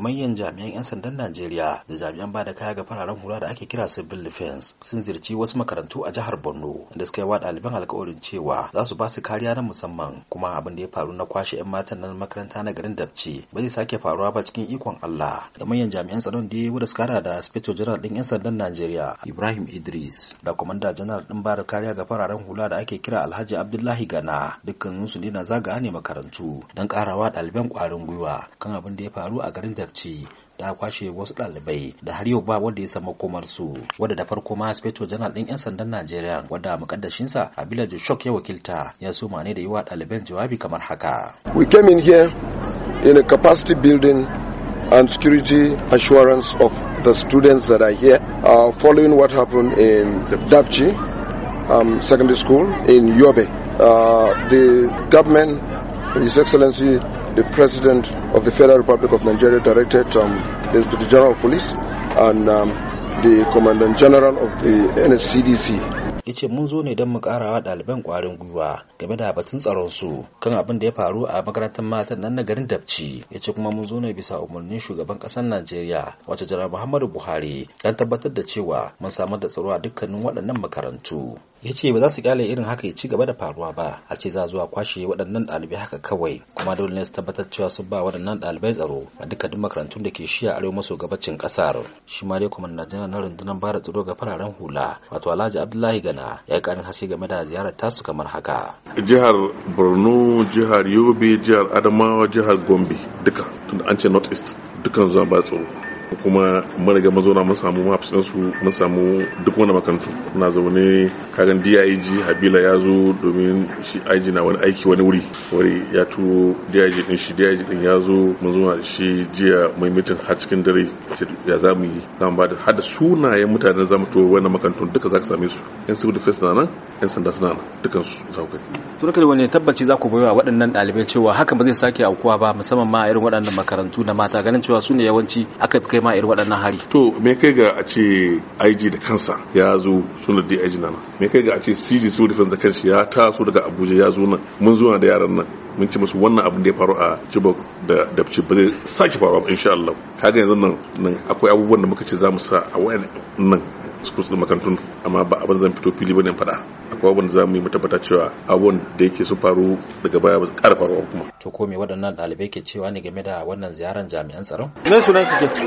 manyan jami'an 'yan sandan Najeriya da jami'an bada kaya ga fararen hula da ake kira civil defense sun zirci wasu makarantu a jihar Borno da suka yi wa ɗaliban alƙawarin cewa za su ba su kariya na musamman kuma abin da ya faru na kwashe 'yan matan nan makaranta na garin Dabci ba zai sake faruwa ba cikin ikon Allah da manyan jami'an tsaron da ya suka hada da Inspector General ɗin 'yan sandan Najeriya Ibrahim Idris da Kwamanda General ɗin ba kariya ga fararen hula da ake kira Alhaji Abdullahi Gana su ne na zagaya ne makarantu don karawa ɗaliban ƙwarin gwiwa kan abin da ya faru a garin Dabci ce ta kwashe wasu ɗalibai da har yau ba wanda ya san makomar su wanda da farko ma inspector general ɗin 'yan sandan Najeriya wanda mukaddashinsa Abila Joshok ya wakilta ya suma ne da yi wa ɗaliban jawabi kamar haka. We came in here in a capacity building and security assurance of the students that are here uh, following what happened in Dapchi um, Secondary School in Yobe. Uh, the government, His Excellency the President of the Federal Republic of Nigeria directed um, the Inspector General of Police and um, the Commandant General of the NSCDC ya ce mun zo ne don mu karawa ɗaliban kwarin gwiwa game da batun tsaron su kan abin da ya faru a makarantar matan nan na garin Dabci ya ce kuma mun zo ne bisa umarnin shugaban ƙasar Najeriya wace jara Muhammadu Buhari don tabbatar da cewa mun samar da tsaro a dukkanin waɗannan makarantu. ya ce ba za su kyale irin haka ya ci gaba da faruwa ba a ce za zuwa kwashe waɗannan ɗalibai haka kawai kuma dole ne su tabbatar cewa sun ba waɗannan ɗalibai tsaro a dukkanin makarantun da ke shiya arewa maso gabacin ƙasar shi ma dai kuma na rundunar bara tsaro ga fararen hula wato alhaji abdullahi gana katsina ya yi karin haske game da ziyarar tasu kamar haka jihar borno jihar yobe jihar adamawa jihar gombe duka tun an ce north east dukan zuwa ba tsoro kuma marigar mazauna mun samu maps mun samu duk wani makantu na zaune kagan DIG Habila ya zo domin shi IG na wani aiki wani wuri wuri ya tu DIG din shi DIG din ya zo mun zo da shi jiya mai mitin har cikin dare ya za mu yi za ba da har da sunayen mutanen za to wani makantu duka za ka same su yan civil defense na nan yan sanda suna nan dukan su za ku gani to wani tabbaci za ku wa waɗannan ɗalibai cewa hakan ba zai sake aukuwa ba musamman ma irin waɗannan makarantu na mata ganin cewa su ne yawanci aka fi kai kai ma irin waɗannan hari to me kai ga a ce IG da kansa ya zo sunan DIG nan me kai ga a ce CG su defense da kanshi ya taso daga Abuja ya zo nan mun zo da yaran nan mun ci musu wannan abin da ya faru a Chibok da Dabci ba zai sake faruwa insha Allah kaga yanzu nan akwai abubuwan da muka ce za mu sa a wayan nan schools din makarantun amma ba abin zan fito fili bane fada akwai abin da zamu yi mu tabbata cewa abun da yake su faru daga baya ba su ƙara faruwa kuma to ko me waɗannan ɗalibai ke cewa ne game da wannan ziyaran jami'an tsaron me sunan su ke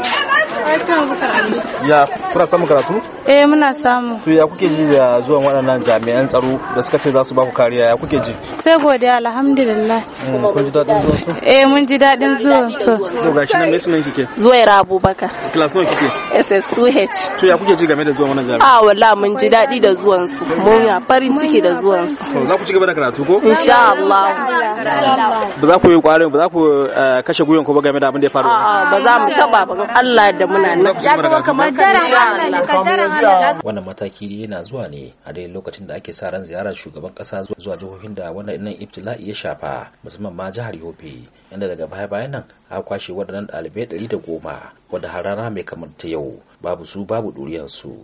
ya kuna samun karatu eh muna samu to ya kuke ji da zuwan waɗannan jami'an tsaro da suka ce za su ba ku kariya ya kuke ji sai godiya alhamdulillah hmm, kun ji daɗin zuwan su eh mun ji daɗin zuwan su to gashi nan me sunan kike rabu baka class nawa kike ss2h to ya kuke ji game da zuwa wannan jami'a a ah, wallahi mun ji daɗi da zuwan su mun farin ciki da zuwan su to za ku ci gaba da karatu ko insha Allah ba za ku yi kwarin ba za ku eh, kashe gwiwan ku ba game da abin da ya faru ba za mu taba ba Allah da muna nan ya zama kamar wannan mataki ne yana zuwa ne a dai lokacin da ake sa ran ziyarar shugaban kasa zuwa jihohin da wannan ibtila'i ya shafa musamman ma jihar Yobe inda daga baya bayan nan a kwashe waɗannan ɗalibai ɗari da goma wadda har rana mai kamar ta yau babu su babu ɗuriyarsu